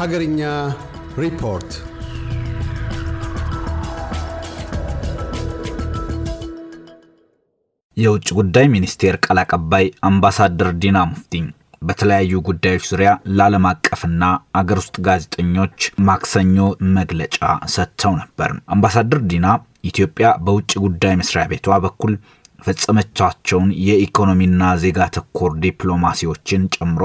Hagarinya report. የውጭ ጉዳይ ሚኒስቴር ቃል አቀባይ አምባሳደር ዲና ሙፍቲ በተለያዩ ጉዳዮች ዙሪያ ለዓለም አቀፍና አገር ውስጥ ጋዜጠኞች ማክሰኞ መግለጫ ሰጥተው ነበር። አምባሳደር ዲና ኢትዮጵያ በውጭ ጉዳይ መስሪያ ቤቷ በኩል ፈጸመቻቸውን የኢኮኖሚና ዜጋ ተኮር ዲፕሎማሲዎችን ጨምሮ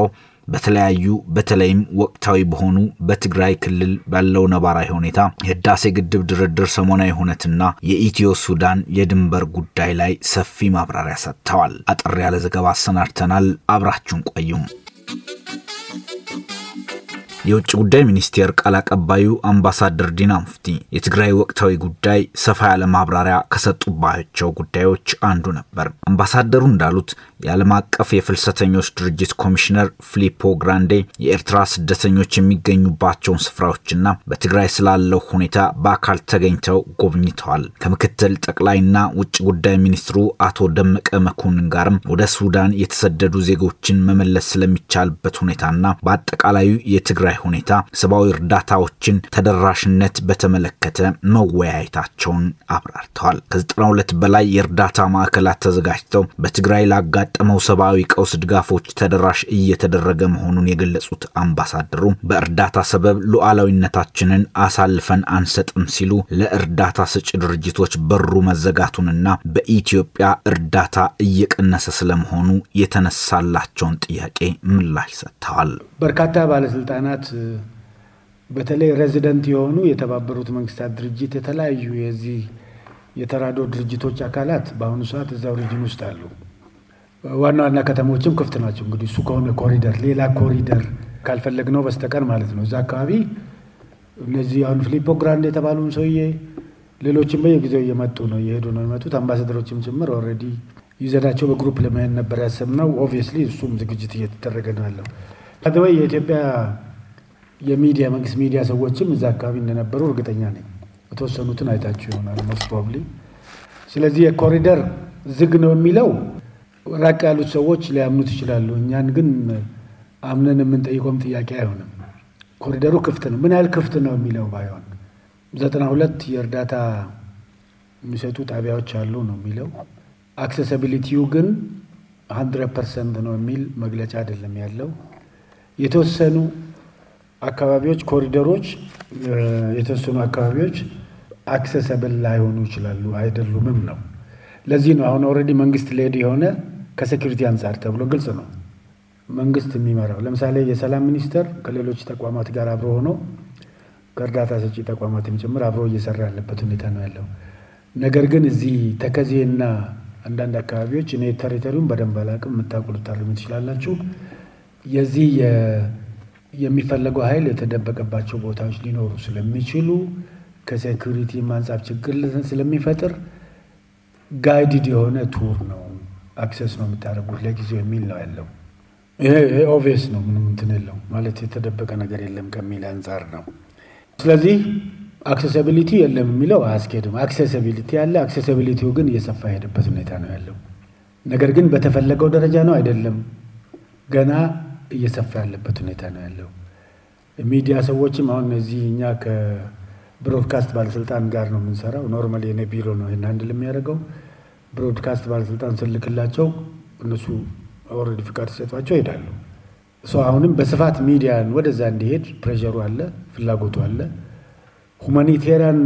በተለያዩ በተለይም ወቅታዊ በሆኑ በትግራይ ክልል ባለው ነባራዊ ሁኔታ የህዳሴ ግድብ ድርድር ሰሞናዊ ሁነትና የኢትዮ ሱዳን የድንበር ጉዳይ ላይ ሰፊ ማብራሪያ ሰጥተዋል። አጠር ያለ ዘገባ አሰናድተናል። አብራችሁን ቆዩም። የውጭ ጉዳይ ሚኒስቴር ቃል አቀባዩ አምባሳደር ዲና ሙፍቲ የትግራይ ወቅታዊ ጉዳይ ሰፋ ያለ ማብራሪያ ከሰጡባቸው ጉዳዮች አንዱ ነበር። አምባሳደሩ እንዳሉት የዓለም አቀፍ የፍልሰተኞች ድርጅት ኮሚሽነር ፊሊፖ ግራንዴ የኤርትራ ስደተኞች የሚገኙባቸውን ስፍራዎችና በትግራይ ስላለው ሁኔታ በአካል ተገኝተው ጎብኝተዋል። ከምክትል ጠቅላይና ውጭ ጉዳይ ሚኒስትሩ አቶ ደመቀ መኮንን ጋርም ወደ ሱዳን የተሰደዱ ዜጎችን መመለስ ስለሚቻልበት ሁኔታና በአጠቃላዩ የትግራይ በትግራይ ሁኔታ ሰብአዊ እርዳታዎችን ተደራሽነት በተመለከተ መወያየታቸውን አብራርተዋል ከዘጠና ሁለት በላይ የእርዳታ ማዕከላት ተዘጋጅተው በትግራይ ላጋጠመው ሰብአዊ ቀውስ ድጋፎች ተደራሽ እየተደረገ መሆኑን የገለጹት አምባሳደሩ በእርዳታ ሰበብ ሉዓላዊነታችንን አሳልፈን አንሰጥም ሲሉ ለእርዳታ ሰጪ ድርጅቶች በሩ መዘጋቱንና በኢትዮጵያ እርዳታ እየቀነሰ ስለመሆኑ የተነሳላቸውን ጥያቄ ምላሽ ሰጥተዋል። በርካታ ባለስልጣናት አባላት በተለይ ሬዚደንት የሆኑ የተባበሩት መንግስታት ድርጅት የተለያዩ የዚህ የተራዶ ድርጅቶች አካላት በአሁኑ ሰዓት እዛው ሪጅን ውስጥ አሉ። ዋና ዋና ከተሞችም ክፍት ናቸው። እንግዲህ እሱ ከሆነ ኮሪደር ሌላ ኮሪደር ካልፈለግነው በስተቀር ማለት ነው። እዛ አካባቢ እነዚህ አሁን ፊሊፖ ግራንድ የተባሉን ሰውዬ ሌሎችም በየጊዜው እየመጡ ነው እየሄዱ ነው የመጡት። አምባሳደሮችም ጭምር ኦልሬዲ ይዘናቸው በግሩፕ ለመሄድ ነበር ያሰብነው። ኦብቪየስሊ እሱም ዝግጅት እየተደረገ ነው ያለው። የኢትዮጵያ የሚዲያ መንግስት ሚዲያ ሰዎችም እዛ አካባቢ እንደነበሩ እርግጠኛ ነኝ። የተወሰኑትን አይታችሁ ይሆናል ሞስት ፕሮባብሊ። ስለዚህ የኮሪደር ዝግ ነው የሚለው ራቅ ያሉት ሰዎች ሊያምኑት ይችላሉ። እኛን ግን አምነን የምንጠይቀውም ጥያቄ አይሆንም። ኮሪደሩ ክፍት ነው። ምን ያህል ክፍት ነው የሚለው ባይሆን ዘጠና ሁለት የእርዳታ የሚሰጡ ጣቢያዎች አሉ ነው የሚለው። አክሴሲቢሊቲው ግን ሀንድረድ ፐርሰንት ነው የሚል መግለጫ አይደለም ያለው የተወሰኑ አካባቢዎች ኮሪደሮች፣ የተወሰኑ አካባቢዎች አክሰሰብል ላይሆኑ ይችላሉ አይደሉምም ነው። ለዚህ ነው አሁን ኦልሬዲ መንግስት ሌድ የሆነ ከሴኪሪቲ አንጻር ተብሎ ግልጽ ነው መንግስት የሚመራው። ለምሳሌ የሰላም ሚኒስቴር ከሌሎች ተቋማት ጋር አብሮ ሆኖ ከእርዳታ ሰጪ ተቋማትም ጭምር አብሮ እየሰራ ያለበት ሁኔታ ነው ያለው። ነገር ግን እዚህ ተከዜና አንዳንድ አካባቢዎች እኔ ቴሪቶሪውን በደንብ አላቅም፣ የምታውቁ ልታርሙ ትችላላችሁ። የዚህ የሚፈለገው ኃይል የተደበቀባቸው ቦታዎች ሊኖሩ ስለሚችሉ ከሴኩሪቲ አንጻር ችግር ስለሚፈጥር ጋይድድ የሆነ ቱር ነው፣ አክሰስ ነው የምታደርጉት ለጊዜው የሚል ነው ያለው። ይሄ ኦቪየስ ነው፣ ምንም እንትን የለው ማለት የተደበቀ ነገር የለም ከሚል አንጻር ነው። ስለዚህ አክሴሲቢሊቲ የለም የሚለው አያስኬድም። አክሴሲቢሊቲ ያለ፣ አክሴሲቢሊቲው ግን እየሰፋ የሄደበት ሁኔታ ነው ያለው። ነገር ግን በተፈለገው ደረጃ ነው አይደለም ገና እየሰፋ ያለበት ሁኔታ ነው ያለው። ሚዲያ ሰዎችም አሁን እዚህ እኛ ከብሮድካስት ባለስልጣን ጋር ነው የምንሰራው። ኖርማል የኔ ቢሮ ነው ይህን አንድ የሚያደርገው። ብሮድካስት ባለስልጣን ስልክላቸው እነሱ ኦልሬዲ ፍቃድ ሲሰጧቸው ይሄዳሉ። ሰው አሁንም በስፋት ሚዲያን ወደዛ እንዲሄድ ፕሬሩ አለ፣ ፍላጎቱ አለ። ሁማኒቴሪያን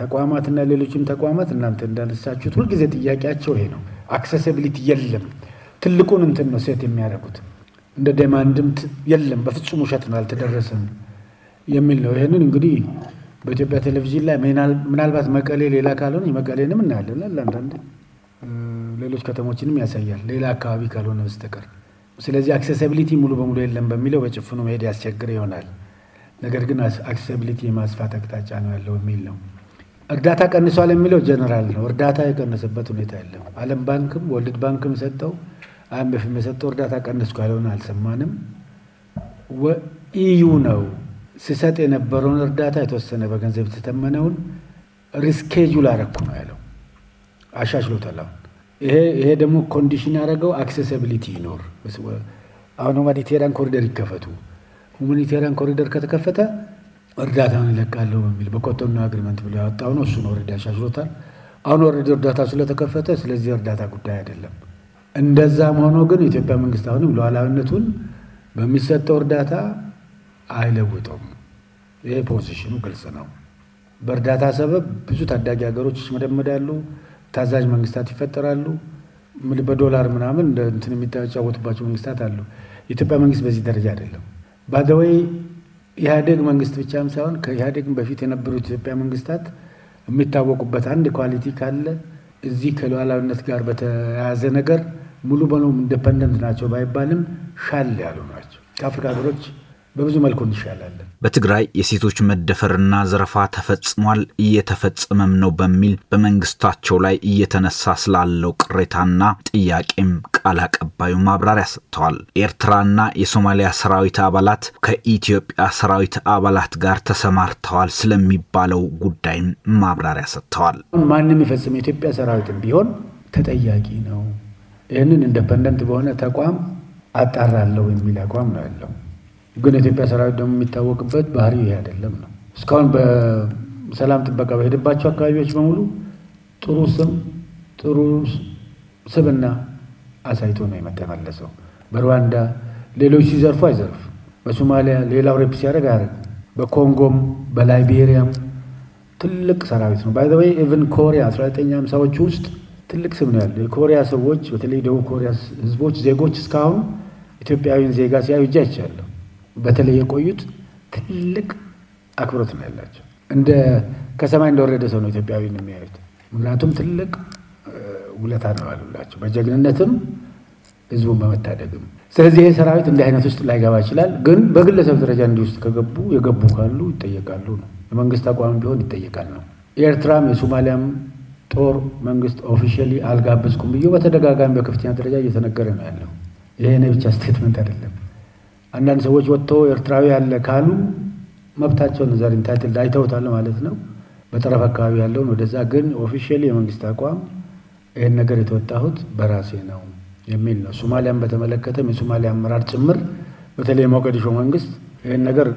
ተቋማትና ሌሎችም ተቋማት እናንተ እንዳነሳችሁት ሁልጊዜ ጥያቄያቸው ይሄ ነው። አክሴሲቢሊቲ የለም። ትልቁን እንትን ነው ሴት የሚያደርጉት እንደ ደማንድም የለም፣ በፍጹም ውሸት ነው፣ አልተደረሰም የሚል ነው። ይህንን እንግዲህ በኢትዮጵያ ቴሌቪዥን ላይ ምናልባት መቀሌ ሌላ ካልሆነ መቀሌንም እናያለን፣ አንዳንድ ሌሎች ከተሞችንም ያሳያል፣ ሌላ አካባቢ ካልሆነ በስተቀር። ስለዚህ አክሴሲቢሊቲ ሙሉ በሙሉ የለም በሚለው በጭፍኑ መሄድ ያስቸግር ይሆናል። ነገር ግን አክሴሲቢሊቲ የማስፋት አቅጣጫ ነው ያለው የሚል ነው። እርዳታ ቀንሷል የሚለው ጀነራል ነው። እርዳታ የቀነሰበት ሁኔታ የለም። ዓለም ባንክም ወልድ ባንክም ሰጠው ዓለም በፊት በሰጠው እርዳታ ቀነስኩ ያለውን አልሰማንም። ወኢዩ ነው ስሰጥ የነበረውን እርዳታ የተወሰነ በገንዘብ የተተመነውን ሪስኬጁል አረኩ ነው ያለው። አሻሽሎታል። አሁን ይሄ ደግሞ ኮንዲሽን ያደረገው አክሴሲቢሊቲ ይኖር። አሁን ሁማኒቴሪያን ኮሪደር ይከፈቱ። ሁማኒቴሪያን ኮሪደር ከተከፈተ እርዳታውን ይለቃለሁ በሚል በኮቶኑ አግሪመንት ብሎ ያወጣው ነው። እሱን ወረዳ አሻሽሎታል። አሁን ወረዳ እርዳታ ስለተከፈተ፣ ስለዚህ እርዳታ ጉዳይ አይደለም። እንደዛም ሆኖ ግን የኢትዮጵያ መንግስት አሁንም ሉዓላዊነቱን በሚሰጠው እርዳታ አይለውጠውም። ይሄ ፖዚሽኑ ግልጽ ነው። በእርዳታ ሰበብ ብዙ ታዳጊ ሀገሮች ይሽመደመዳሉ፣ ታዛዥ መንግስታት ይፈጠራሉ። በዶላር ምናምን እንትን የሚጫወቱባቸው መንግስታት አሉ። የኢትዮጵያ መንግስት በዚህ ደረጃ አይደለም። ባደወይ ኢህአዴግ መንግስት ብቻም ሳይሆን ከኢህአዴግም በፊት የነበሩት ኢትዮጵያ መንግስታት የሚታወቁበት አንድ ኳሊቲ ካለ እዚህ ከሉዓላዊነት ጋር በተያያዘ ነገር ሙሉ በሙሉ ኢንዲፐንደንት ናቸው ባይባልም ሻል ያሉ ናቸው ከአፍሪካ ሀገሮች በብዙ መልኩ እንሻላለን። በትግራይ የሴቶች መደፈርና ዘረፋ ተፈጽሟል፣ እየተፈጸመም ነው በሚል በመንግስታቸው ላይ እየተነሳ ስላለው ቅሬታና ጥያቄም ቃል አቀባዩ ማብራሪያ ሰጥተዋል። ኤርትራና የሶማሊያ ሰራዊት አባላት ከኢትዮጵያ ሰራዊት አባላት ጋር ተሰማርተዋል ስለሚባለው ጉዳይም ማብራሪያ ሰጥተዋል። ማንም ይፈጽም የኢትዮጵያ ሰራዊት ቢሆን ተጠያቂ ነው። ይህንን ኢንዲፐንደንት በሆነ ተቋም አጣራለሁ የሚል አቋም ነው ያለው። ግን የኢትዮጵያ ሰራዊት ደግሞ የሚታወቅበት ባህሪ ይሄ አይደለም ነው። እስካሁን በሰላም ጥበቃ በሄደባቸው አካባቢዎች በሙሉ ጥሩ ስም ጥሩ ስብና አሳይቶ ነው የመተመለሰው። በሩዋንዳ ሌሎች ሲዘርፉ አይዘርፍ፣ በሶማሊያ ሌላው ሬፕ ሲያደርግ አያደርግ፣ በኮንጎም በላይቤሪያም ትልቅ ሰራዊት ነው። ባይዘወይ ኢቨን ኮሪያ 1950ዎች ውስጥ ትልቅ ስም ነው ያለው። የኮሪያ ሰዎች በተለይ ደቡብ ኮሪያ ህዝቦች ዜጎች እስካሁን ኢትዮጵያዊን ዜጋ ሲያዩ እጅ አይቻለሁ በተለይ የቆዩት ትልቅ አክብሮት ነው ያላቸው። እንደ ከሰማይ እንደወረደ ሰው ነው ኢትዮጵያዊ የሚያዩት። ምክንያቱም ትልቅ ውለታ ነው አሉላቸው፣ በጀግንነትም ህዝቡን በመታደግም። ስለዚህ ይህ ሰራዊት እንዲህ አይነት ውስጥ ላይገባ ይችላል። ግን በግለሰብ ደረጃ እንዲህ ውስጥ ከገቡ የገቡ ካሉ ይጠየቃሉ ነው። የመንግስት አቋም ቢሆን ይጠየቃል ነው። የኤርትራም የሶማሊያም ጦር መንግስት ኦፊሻሊ አልጋበዝኩም ብዬ በተደጋጋሚ በከፍተኛ ደረጃ እየተነገረ ነው ያለው። ይሄ እኔ ብቻ ስቴትመንት አይደለም። አንዳንድ ሰዎች ወጥቶ ኤርትራዊ ያለ ካሉ መብታቸውን ዘር ኢንታይትል አይተውታል ማለት ነው። በጠረፍ አካባቢ ያለውን ወደዛ ግን ኦፊሽል የመንግስት አቋም ይህን ነገር የተወጣሁት በራሴ ነው የሚል ነው። ሶማሊያን በተመለከተም የሶማሊያ አመራር ጭምር በተለይ ሞቃዲሾ መንግስት ይህን ነገር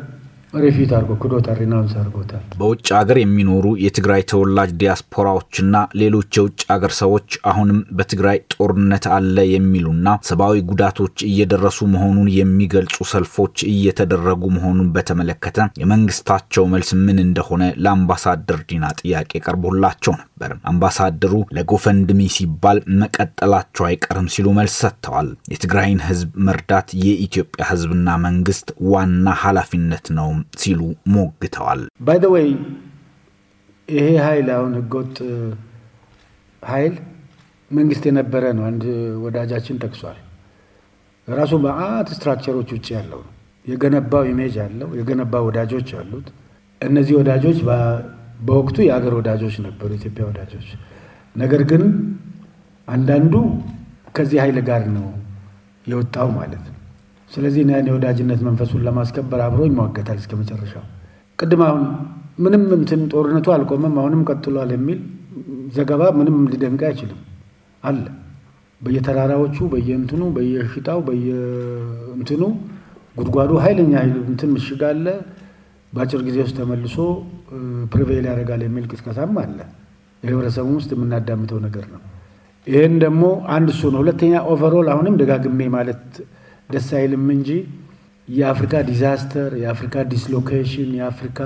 ሪፊት አድርጎ ክዶታል፣ ሪናውንስ አድርጎታል። በውጭ ሀገር የሚኖሩ የትግራይ ተወላጅ ዲያስፖራዎችና ሌሎች የውጭ ሀገር ሰዎች አሁንም በትግራይ ጦርነት አለ የሚሉና ሰብአዊ ጉዳቶች እየደረሱ መሆኑን የሚገልጹ ሰልፎች እየተደረጉ መሆኑን በተመለከተ የመንግስታቸው መልስ ምን እንደሆነ ለአምባሳደር ዲና ጥያቄ ቀርቦላቸው ነው። ነበር። አምባሳደሩ ለጎፈንድሚ ሲባል መቀጠላቸው አይቀርም ሲሉ መልስ ሰጥተዋል። የትግራይን ህዝብ መርዳት የኢትዮጵያ ህዝብና መንግስት ዋና ኃላፊነት ነው ሲሉ ሞግተዋል። ባይ ዘ ይሄ ኃይል አሁን ህገወጥ ኃይል መንግስት የነበረ ነው። አንድ ወዳጃችን ጠቅሷል። ራሱ በአት ስትራክቸሮች ውጭ ያለው ነው የገነባው ኢሜጅ አለው የገነባው ወዳጆች አሉት። እነዚህ ወዳጆች በወቅቱ የአገር ወዳጆች ነበሩ፣ የኢትዮጵያ ወዳጆች። ነገር ግን አንዳንዱ ከዚህ ኃይል ጋር ነው የወጣው ማለት ነው። ስለዚህ ያን የወዳጅነት መንፈሱን ለማስከበር አብሮ ይሟገታል እስከ መጨረሻው። ቅድም አሁን ምንም እንትን ጦርነቱ አልቆመም አሁንም ቀጥሏል የሚል ዘገባ ምንም ሊደንቅ አይችልም። አለ በየተራራዎቹ በየእንትኑ በየሽጣው በየእንትኑ ጉድጓዱ ኃይለኛ እንትን ምሽግ አለ። በአጭር ጊዜ ውስጥ ተመልሶ ፕሪቬል ያደርጋል የሚል ቅስቀሳም አለ። የህብረተሰቡ ውስጥ የምናዳምተው ነገር ነው። ይህን ደግሞ አንድ እሱ ነው። ሁለተኛ ኦቨሮል አሁንም ደጋግሜ ማለት ደስ አይልም እንጂ የአፍሪካ ዲዛስተር፣ የአፍሪካ ዲስሎኬሽን፣ የአፍሪካ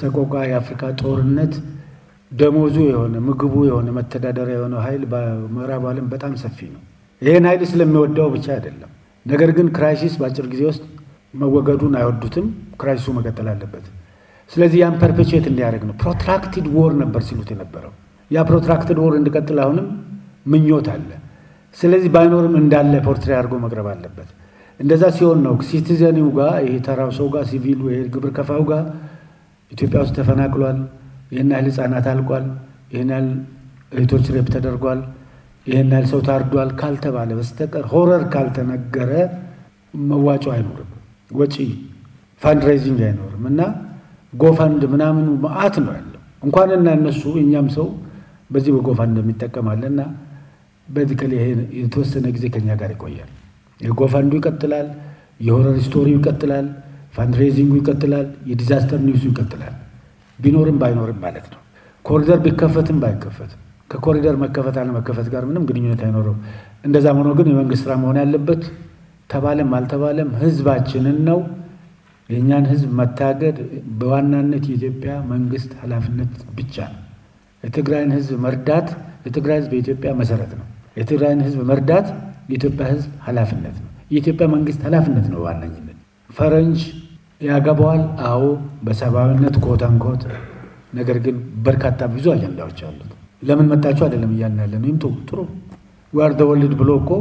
ሰቆቃ፣ የአፍሪካ ጦርነት ደሞዙ የሆነ ምግቡ የሆነ መተዳደሪያ የሆነ ኃይል በምዕራብ ዓለም በጣም ሰፊ ነው። ይህን ኃይል ስለሚወደው ብቻ አይደለም። ነገር ግን ክራይሲስ በአጭር ጊዜ ውስጥ መወገዱን አይወዱትም። ክራይሱ መቀጠል አለበት። ስለዚህ ያን ፐርፔት እንዲያደርግ ነው። ፕሮትራክትድ ዎር ነበር ሲሉት የነበረው። ያ ፕሮትራክትድ ዎር እንዲቀጥል አሁንም ምኞት አለ። ስለዚህ ባይኖርም እንዳለ ፖርትሬ አድርጎ መቅረብ አለበት። እንደዛ ሲሆን ነው ሲቲዘኒው ጋር ይሄ ተራው ሰው ጋር ሲቪሉ ግብር ከፋው ጋር ኢትዮጵያ ውስጥ ተፈናቅሏል፣ ይህን ያህል ህጻናት አልቋል፣ ይህን ያህል እህቶች ሬፕ ተደርጓል፣ ይህን ያህል ሰው ታርዷል ካልተባለ በስተቀር ሆረር ካልተነገረ መዋጮ አይኖርም ወጪ ፋንድራይዚንግ አይኖርም እና ጎፋንድ ምናምኑ መዓት ነው ያለው። እንኳን እና እነሱ እኛም ሰው በዚህ በጎፋንድ እንደሚጠቀማል እና በዚከል የተወሰነ ጊዜ ከኛ ጋር ይቆያል። የጎፋንዱ ይቀጥላል፣ የሆረር ስቶሪው ይቀጥላል፣ ፋንድሬዚንጉ ይቀጥላል፣ የዲዛስተር ኒውሱ ይቀጥላል። ቢኖርም ባይኖርም ማለት ነው። ኮሪደር ቢከፈትም ባይከፈትም ከኮሪደር መከፈት አለመከፈት ጋር ምንም ግንኙነት አይኖረው። እንደዛም ሆኖ ግን የመንግስት ስራ መሆን ያለበት ተባለም አልተባለም ህዝባችንን ነው የእኛን ህዝብ መታገድ በዋናነት የኢትዮጵያ መንግስት ኃላፊነት ብቻ ነው። የትግራይን ህዝብ መርዳት የትግራይ ህዝብ የኢትዮጵያ መሰረት ነው። የትግራይን ህዝብ መርዳት የኢትዮጵያ ህዝብ ኃላፊነት ነው። የኢትዮጵያ መንግስት ኃላፊነት ነው በዋነኝነት። ፈረንጅ ያገባዋል፣ አዎ በሰብአዊነት ኮተንኮት ነገር ግን በርካታ ብዙ አጀንዳዎች አሉት። ለምን መጣችሁ አይደለም እያልን ያለን ነው። ይምጡ ጥሩ ዋር ብሎ እኮ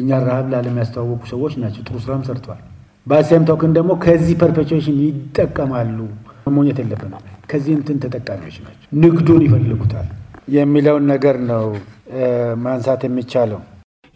እኛ ረሃብ ለዓለም ያስተዋወቁ ሰዎች ናቸው። ጥሩ ስራም ሰርተዋል። በሴም ቶክን ደግሞ ከዚህ ፐርፔቹዌሽን ይጠቀማሉ። መሞኘት የለብን ከዚህ እንትን ተጠቃሚዎች ናቸው። ንግዱን ይፈልጉታል የሚለውን ነገር ነው ማንሳት የሚቻለው።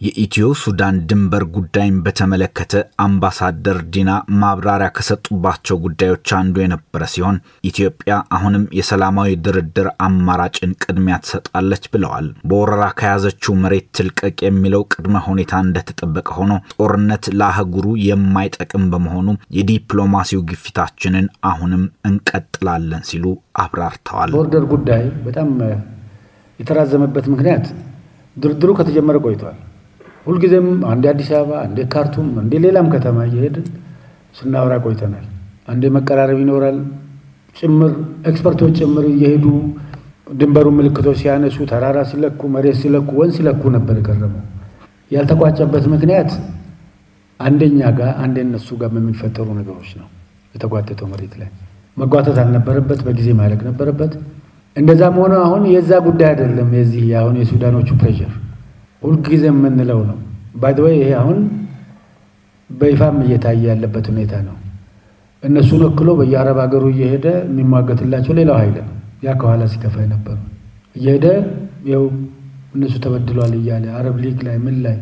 የኢትዮ ሱዳን ድንበር ጉዳይን በተመለከተ አምባሳደር ዲና ማብራሪያ ከሰጡባቸው ጉዳዮች አንዱ የነበረ ሲሆን ኢትዮጵያ አሁንም የሰላማዊ ድርድር አማራጭን ቅድሚያ ትሰጣለች ብለዋል። በወረራ ከያዘችው መሬት ትልቀቅ የሚለው ቅድመ ሁኔታ እንደተጠበቀ ሆኖ ጦርነት ለአህጉሩ የማይጠቅም በመሆኑ የዲፕሎማሲው ግፊታችንን አሁንም እንቀጥላለን ሲሉ አብራርተዋል። ቦርደር ጉዳይ በጣም የተራዘመበት ምክንያት ድርድሩ ከተጀመረ ቆይቷል። ሁልጊዜም አንድ አዲስ አበባ፣ አንዴ ካርቱም፣ አንዴ ሌላም ከተማ እየሄድን ስናወራ ቆይተናል። አንዴ መቀራረብ ይኖራል ጭምር ኤክስፐርቶች ጭምር እየሄዱ ድንበሩ ምልክቶች ሲያነሱ፣ ተራራ ሲለኩ፣ መሬት ሲለኩ፣ ወን ሲለኩ ነበር የከረመው። ያልተቋጨበት ምክንያት አንደኛ ጋር አንዴ እነሱ ጋር በሚፈጠሩ ነገሮች ነው። የተጓተተው መሬት ላይ መጓተት አልነበረበት፣ በጊዜ ማለቅ ነበረበት። እንደዛም ሆነ አሁን የዛ ጉዳይ አይደለም። የዚህ አሁን የሱዳኖቹ ፕሬር ሁልጊዜ የምንለው ነው። ባይደወይ ይሄ አሁን በይፋም እየታየ ያለበት ሁኔታ ነው። እነሱን ወክሎ በየአረብ ሀገሩ እየሄደ የሚሟገትላቸው ሌላው ኃይል ነው። ያ ከኋላ ሲከፋ ነበሩ እየሄደ ው እነሱ ተበድሏል እያለ አረብ ሊግ ላይ ምን ላይ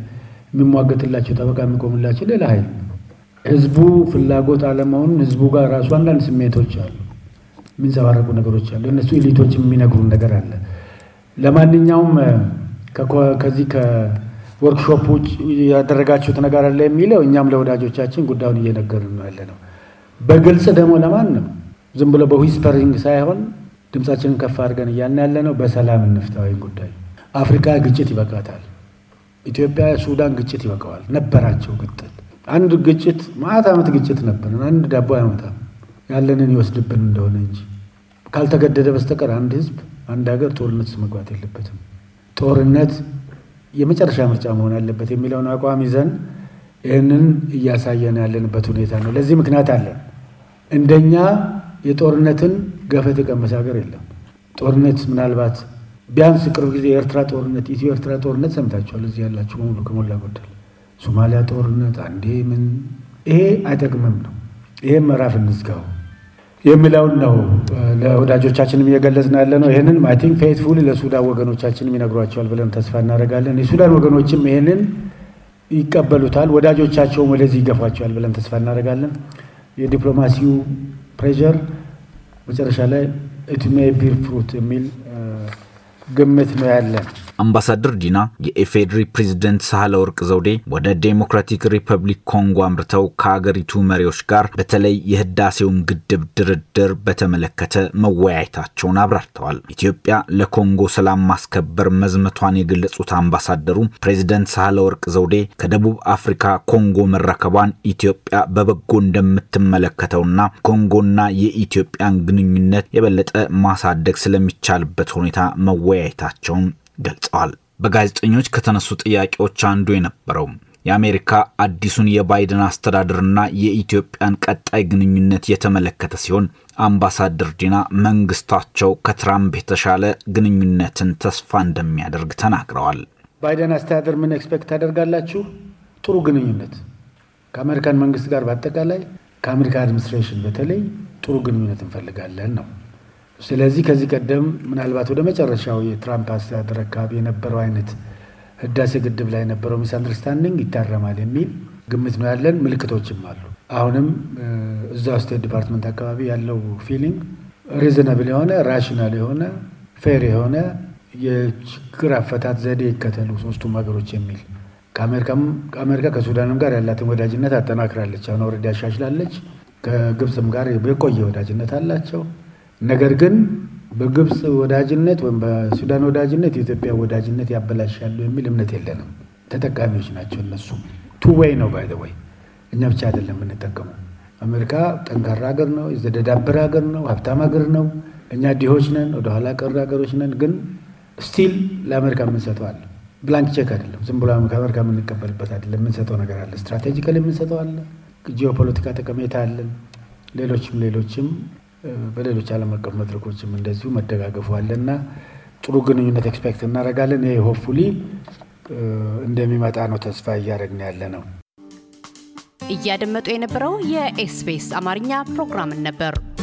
የሚሟገትላቸው ጠበቃ የሚቆምላቸው ሌላ ኃይል ህዝቡ ፍላጎት አለመሆኑን ህዝቡ ጋር ራሱ አንዳንድ ስሜቶች አሉ፣ የሚንጸባረቁ ነገሮች አሉ። እነሱ ኤሊቶች የሚነግሩን ነገር አለ። ለማንኛውም ከዚህ ከወርክሾፕ ውጭ ያደረጋችሁት ነገር አለ የሚለው እኛም ለወዳጆቻችን ጉዳዩን እየነገርን ነው ያለ ነው። በግልጽ ደግሞ ለማንም ዝም ብሎ በዊስፐሪንግ ሳይሆን ድምፃችንን ከፍ አድርገን እያልን ያለ ነው። በሰላም እንፍታዊ ጉዳይ አፍሪካ ግጭት ይበቃታል። ኢትዮጵያ ሱዳን ግጭት ይበቃዋል። ነበራቸው ግጥል አንድ ግጭት ማት ዓመት ግጭት ነበር። አንድ ዳቦ አይመጣም ያለንን ይወስድብን እንደሆነ እንጂ ካልተገደደ በስተቀር አንድ ህዝብ አንድ ሀገር ጦርነት መግባት የለበትም። ጦርነት የመጨረሻ ምርጫ መሆን አለበት የሚለውን አቋም ይዘን ይህንን እያሳየን ያለንበት ሁኔታ ነው። ለዚህ ምክንያት አለን። እንደኛ የጦርነትን ገፈት የቀመሰ ሀገር የለም። ጦርነት ምናልባት ቢያንስ ቅርብ ጊዜ የኤርትራ ጦርነት፣ ኢትዮ ኤርትራ ጦርነት ሰምታችኋል። እዚህ ያላችሁ በሙሉ ከሞላ ጎደል ሶማሊያ ጦርነት አንዴ ምን ይሄ አይጠቅምም ነው። ይሄም ምዕራፍ እንዝጋው። የሚለውን ነው ለወዳጆቻችንም እየገለጽን ያለ ነው። ይህንን አይ ቲንክ ፌትፉል ለሱዳን ወገኖቻችንም ይነግሯቸዋል ብለን ተስፋ እናደርጋለን። የሱዳን ወገኖችም ይህንን ይቀበሉታል፣ ወዳጆቻቸውም ወደዚህ ይገፏቸዋል ብለን ተስፋ እናደርጋለን። የዲፕሎማሲው ፕሬዠር መጨረሻ ላይ ኢት ሜይ ቢር ፍሩት የሚል ግምት ነው ያለን። አምባሳደር ዲና የኢፌዴሪ ፕሬዝደንት ሳህለ ወርቅ ዘውዴ ወደ ዴሞክራቲክ ሪፐብሊክ ኮንጎ አምርተው ከአገሪቱ መሪዎች ጋር በተለይ የህዳሴውን ግድብ ድርድር በተመለከተ መወያየታቸውን አብራርተዋል። ኢትዮጵያ ለኮንጎ ሰላም ማስከበር መዝመቷን የገለጹት አምባሳደሩ ፕሬዝደንት ሳህለ ወርቅ ዘውዴ ከደቡብ አፍሪካ ኮንጎ መረከቧን ኢትዮጵያ በበጎ እንደምትመለከተውና ኮንጎና የኢትዮጵያን ግንኙነት የበለጠ ማሳደግ ስለሚቻልበት ሁኔታ መወያየታቸውን ገልጸዋል። በጋዜጠኞች ከተነሱ ጥያቄዎች አንዱ የነበረው የአሜሪካ አዲሱን የባይደን አስተዳደርና የኢትዮጵያን ቀጣይ ግንኙነት የተመለከተ ሲሆን አምባሳደር ዲና መንግስታቸው ከትራምፕ የተሻለ ግንኙነትን ተስፋ እንደሚያደርግ ተናግረዋል። ባይደን አስተዳደር ምን ኤክስፔክት ታደርጋላችሁ? ጥሩ ግንኙነት ከአሜሪካን መንግስት ጋር በአጠቃላይ ከአሜሪካ አድሚኒስትሬሽን በተለይ ጥሩ ግንኙነት እንፈልጋለን ነው ስለዚህ ከዚህ ቀደም ምናልባት ወደ መጨረሻው የትራምፕ አስተዳደር አካባቢ የነበረው አይነት ህዳሴ ግድብ ላይ የነበረው ሚስ አንደርስታንዲንግ ይታረማል የሚል ግምት ነው ያለን። ምልክቶችም አሉ። አሁንም እዛ ስቴት ዲፓርትመንት አካባቢ ያለው ፊሊንግ ሪዝናብል የሆነ ራሽናል የሆነ ፌር የሆነ የችግር አፈታት ዘዴ ይከተሉ ሶስቱም ሀገሮች የሚል ከአሜሪካ ከሱዳንም ጋር ያላትን ወዳጅነት አጠናክራለች። አሁን ወረዳ ያሻሽላለች። ከግብፅም ጋር የቆየ ወዳጅነት አላቸው። ነገር ግን በግብፅ ወዳጅነት ወይም በሱዳን ወዳጅነት የኢትዮጵያ ወዳጅነት ያበላሻሉ የሚል እምነት የለንም። ተጠቃሚዎች ናቸው እነሱ። ቱ ወይ ነው ባይ ወይ እኛ ብቻ አይደለም የምንጠቀመው። አሜሪካ ጠንካራ ሀገር ነው፣ የተደዳበረ ሀገር ነው፣ ሀብታም ሀገር ነው። እኛ ድሆች ነን፣ ወደኋላ ቀር ሀገሮች ነን። ግን ስቲል ለአሜሪካ የምንሰጠው አለ። ብላንክ ቼክ አይደለም፣ ዝም ብሎ ከአሜሪካ የምንቀበልበት አይደለም። የምንሰጠው ነገር አለ፣ ስትራቴጂካሊ የምንሰጠው አለ፣ ጂኦፖለቲካ ጠቀሜታ አለን። ሌሎችም ሌሎችም በሌሎች ዓለም አቀፍ መድረኮችም እንደዚሁ መደጋገፉ አለና ጥሩ ግንኙነት ኤክስፔክት እናደርጋለን። ይህ ሆፉሊ እንደሚመጣ ነው ተስፋ እያደረግን ያለ ነው። እያደመጡ የነበረው የኤስቢኤስ አማርኛ ፕሮግራምን ነበር።